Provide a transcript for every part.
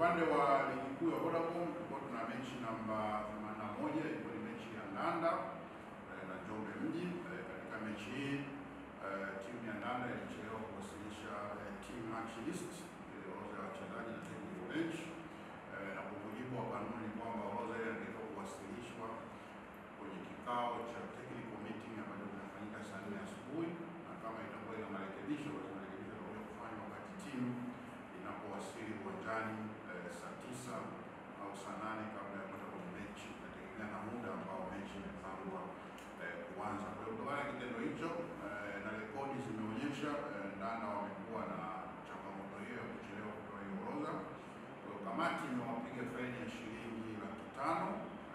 upande wa ligi kuu ya Vodacom tulikuwa tuna mechi namba 81 ilikuwa ni mechi ya Ndanda eh, na Njombe Mji. Eh, katika mechi hii eh, timu ya Ndanda ilichelewa kuwasilisha team match list, orodha ya wachezaji na technical bench, na kwa mujibu wa kanuni kwamba orodha ile ilitakiwa kuwasilishwa kwenye kikao cha technical meeting ambacho kinafanyika saa 4 asubuhi tano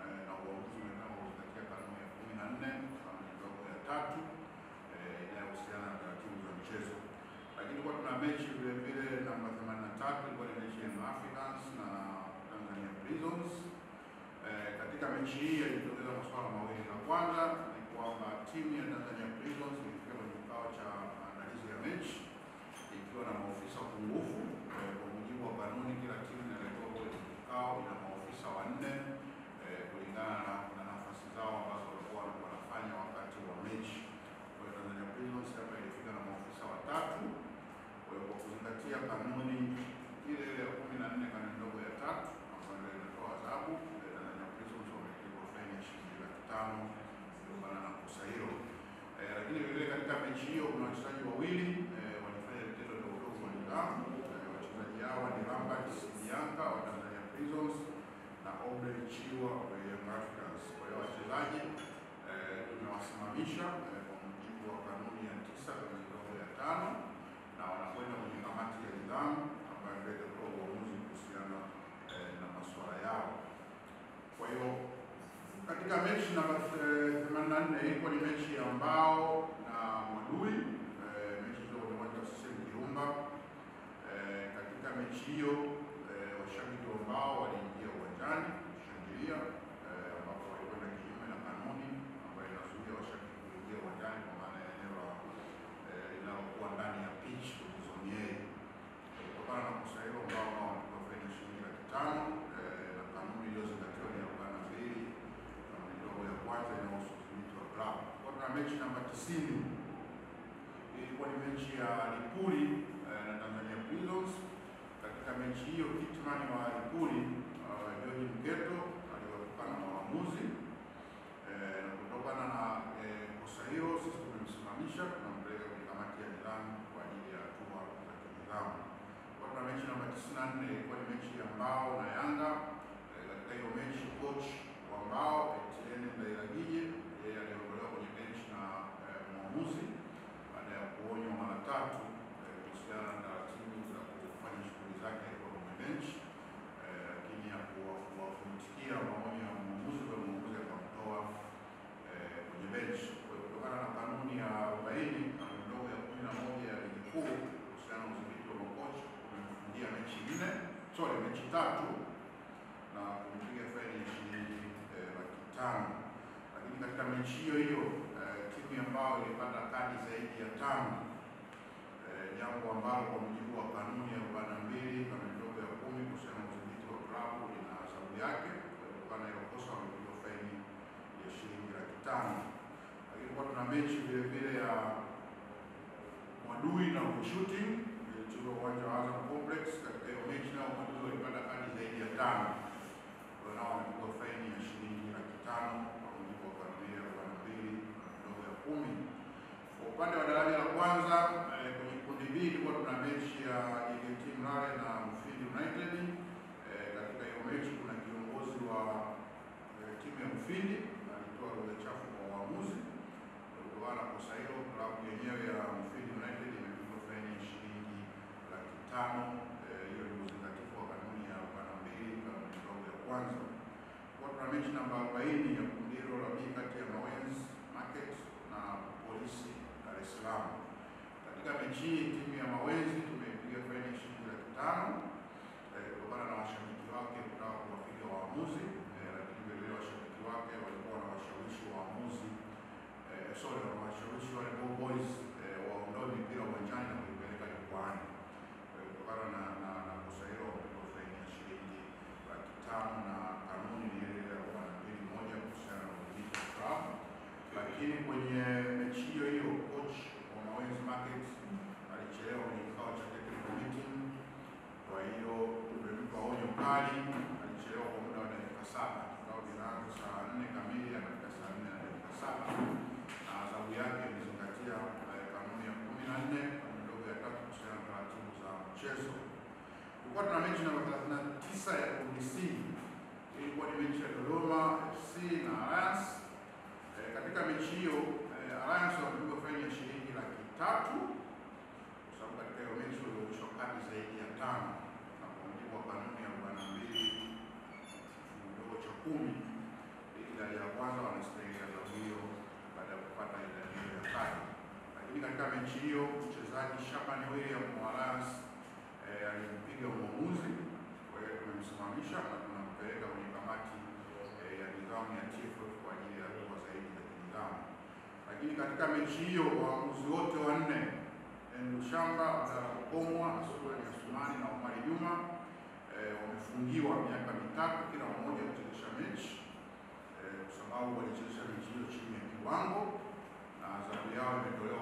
eh, na uamuzi unaozingatia kanuni ya kumi na nne kanuni ndogo ya tatu eh, inayohusiana na taratibu za mchezo. Lakini kwa tuna mechi vile vile namba 83 ilikuwa ni mechi ya Africans na Tanzania Prisons. Eh, katika mechi hii yalitokeza masuala mawili. La kwanza ni kwamba timu ya Tanzania Prisons ilifika kwenye kikao cha tano kutokana na kosa hilo. Eh, lakini vile vile katika mechi hiyo kuna wachezaji wawili eh, walifanya vitendo vya utovu wa nidhamu. Eh, wachezaji hawa ni Lambert Mnyanga wa Tanzania Prisons na Aubrey Chiwa ilikuwa ni mechi ya Lipuli eh, na Tanzania Prisons. Katika mechi hiyo kitman wa Lipuli George eh, mketo aliwatokana na waamuzi eh, na kutokana na kosa hilo, sisi tumemsimamisha tunampeleka kwenye kamati ya nidhamu kwa ajili ya hatua za kinidhamu. Kwa tuna mechi namba 94 ilikuwa ni mechi ya Mbao na Yanga nchi hiyo hiyo eh, timu ambayo ilipata kadi zaidi ya tano eh, jambo ambalo kwa mujibu wa kanuni ya arobaini na mbili kanuni ndogo ya kumi kuhusiana na udhibiti wa klabu ina adhabu yake. Waliopana hilo kosa wamepigwa faini ya shilingi laki tano. Lakini kuwa tuna mechi vile vile ya Mwadui na Overshooting Mufindi alitoa lugha chafu kwa waamuzi. Kutokana na kosa hilo, klabu yenyewe ya Mufindi United imepigwa faini ya shilingi laki tano. Eh, hiyo ni uzingatifu wa kanuni ya arobaini na mbili kanuni ndogo ya kwanza. Kuna mechi namba arobaini ya kundi hilo la B kati ya Mawens Market na Polisi Dar es Salaam. Katika mechi hii timu ya Mawezi tumeipiga faini ya shilingi laki tano eh, kutokana na washabiki wake kutaka kuwapiga waamuzi wake walikuwa wanawashawishi waamuzi eh, sorry wanawashawishi wale boys eh, waondoe mipira uwanjani na kuipeleka jukwaani eh, kutokana na na, na kosa hilo wamepigwa faini ya shilingi laki tano na kanuni ni ile ya arobaini mbili moja kuhusiana na udhibiti wa Lakini kwenye mechi hiyo hiyo coach wa Mawenzi Market alichelewa kwenye kikao cha technical meeting, kwa hiyo tumempa onyo kali, alichelewa kwa muda wa dakika saba hapo saa nne kamili anafika saa nne na dakika saba na adhabu yake imezingatia kanuni ya kumi na nne kanuni ndogo ya tatu kuhusiana na taratibu za mchezo. Kulikuwa tuna mechi namba thelathini na tisa ya kundi C, ilikuwa ni mechi ya Dodoma FC na Alliance. Eh, katika mechi hiyo eh, Alliance walipigwa faini ya shilingi laki tatu Lakini katika mechi hiyo mchezaji Shaban William Wallace eh, alimpiga uamuzi, kwa hiyo tumemsimamisha na tunampeleka kwenye kamati eh, ya nidhamu ya TFF kwa ajili ya hatua zaidi za kinidhamu. Lakini katika mechi hiyo waamuzi wote wanne Ndushamba, Abdalla Mkomwa, Asura Asumani na Omari Juma eh, wamefungiwa miaka mitatu kila mmoja kuchezesha mechi eh, kwa sababu walichezesha mechi hiyo chini ya kiwango na adhabu yao imetolewa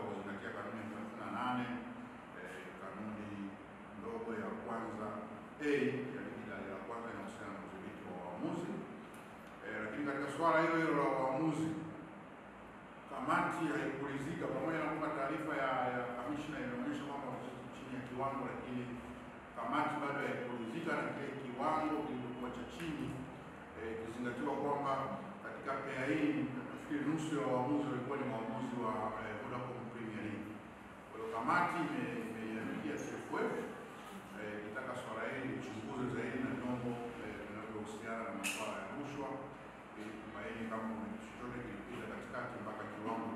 cha chini eh, ikizingatiwa eh, kwamba katika pea hii nafikiri nusu ya waamuzi walikuwa ni waamuzi wa eh, Vodacom Premier League. Kwa hiyo kamati imeiandikia TFF eh, ikitaka eh, swala hili lichunguze zaidi na vyombo eh, vinavyohusiana na masuala ya rushwa ili kubaini kama chochote kilipita katikati mpaka kiwango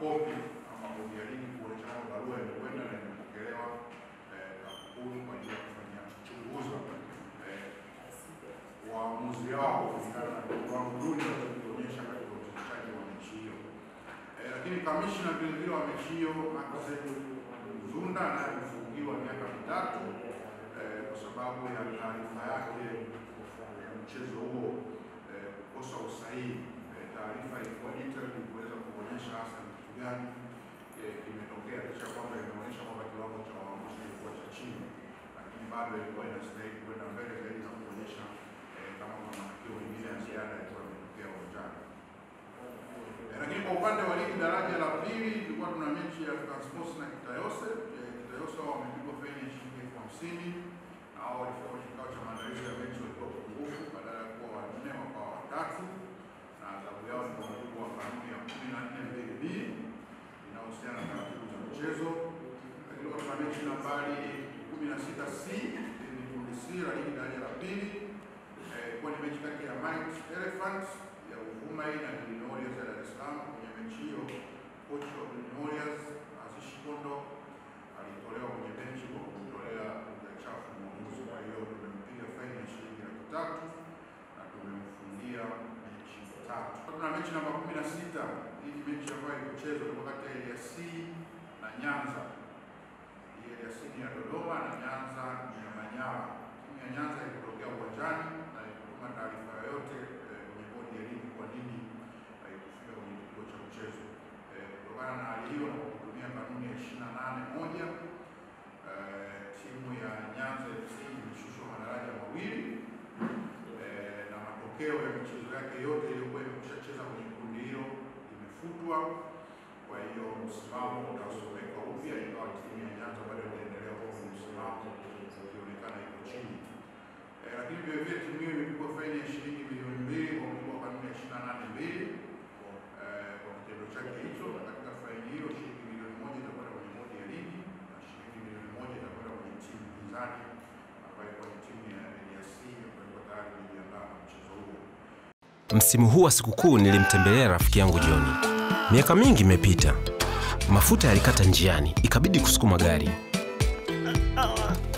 kopi ama kopi ya link kuonekana barua imekwenda na imepokelewa eh, kampuni kwa ajili ya kufanya uchunguzi waamuzi eh, wao kulingana na kiwango duni walichokionyesha katika utekelezaji wa mechi hiyo. Eh, lakini kamishna vile vile wa mechi hiyo Anselm Mzunda anayefungiwa miaka mitatu kwa sababu ya taarifa yake ya mchezo huo kukosa usahihi. Taarifa ilikuwa detailed kuweza kuonyesha hasa gani eh, kimetokea, licha kwamba inaonyesha kwamba kiwango cha waamuzi kilikuwa cha chini, lakini bado ilikuwa inastahili kwenda mbele zaidi na kuonyesha eh, kama mafanikio mengine ya ziada yalikuwa yametokea uwanjani. Eh, lakini kwa upande wa ligi daraja la pili ilikuwa tuna mechi ya Transports na Kitayose. Kitayose wao wamepigwa faini ya shilingi elfu hamsini na wao walikuwa kwenye kikao cha maandalizi ya mechi walikuwa pungufu, badala ya kuwa wanne wakawa watatu, na adhabu yao ni kwa mujibu wa kanuni nambari 16C ni kundi C lakini daraja la pili ilikuwa eh, ni mechi kati ya Mike Elephants ya Uvuma na Green Warriors ya Dar es Salaam. Kwenye mechi hiyo kocha wa Green Warriors Aziz Kondo alitolewa kwenye benchi kwa kumtolea lugha chafu mwamuzi. Kwa hiyo tumempiga faini ya shilingi laki tatu na tumemfungia mechi tatu. Tuna mechi namba 16 hii mechi ambayo ilichezwa kati ya C na Nyanza timu ya Dodoma na Nyanza ya Manyawa. Timu ya Nyanza ilikutokea uwanjani na ikutuma taarifa yoyote eh, kwenye bodi ya ligi kwa nini vyetu faini ya shilingi milioni mbili kwa mujibu wa kanuni ya ishirini na nane mbili eh, kwa kitendo chake hicho, na katika faini hiyo shilingi milioni moja itakwenda kwenye bodi ya ligi na shilingi milioni moja itakwenda kwenye timu pinzani ambayo ilikuwa ni timu ya ambayo ilikuwa tayari imejiandaa na mchezo huo. Msimu huu wa sikukuu nilimtembelea rafiki yangu Joni. Miaka mingi imepita, mafuta yalikata njiani, ikabidi kusukuma gari.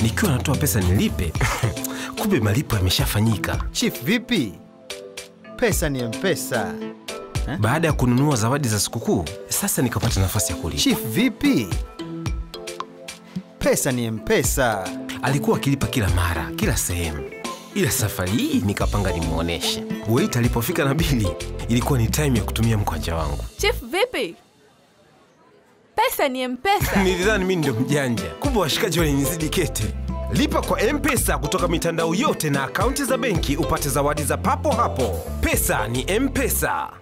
Nikiwa natoa pesa nilipe kumbe malipo yameshafanyika. Chief vipi? Pesa ni mpesa. Ha? Eh? Baada ya kununua zawadi za sikukuu, sasa nikapata nafasi ya kulipa. Chief vipi? Pesa ni mpesa. Alikuwa akilipa kila mara, kila sehemu, ila safari hii nikapanga nimwoneshe. Wait alipofika na bili, ilikuwa ni time ya kutumia mkwanja wangu. Chief vipi? Pesa ni mpesa. Nilidhani mimi ndio mjanja, kumbe washikaji walinizidi kete. Lipa kwa M-Pesa kutoka mitandao yote na akaunti za benki upate zawadi za papo hapo. Pesa ni M-Pesa.